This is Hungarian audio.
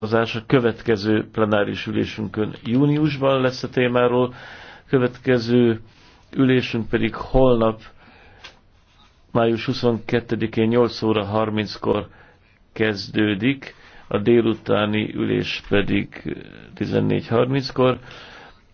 szavazás a következő plenáris ülésünkön júniusban lesz a témáról, következő ülésünk pedig holnap, május 22-én 8 óra 30-kor kezdődik, a délutáni ülés pedig 14.30-kor.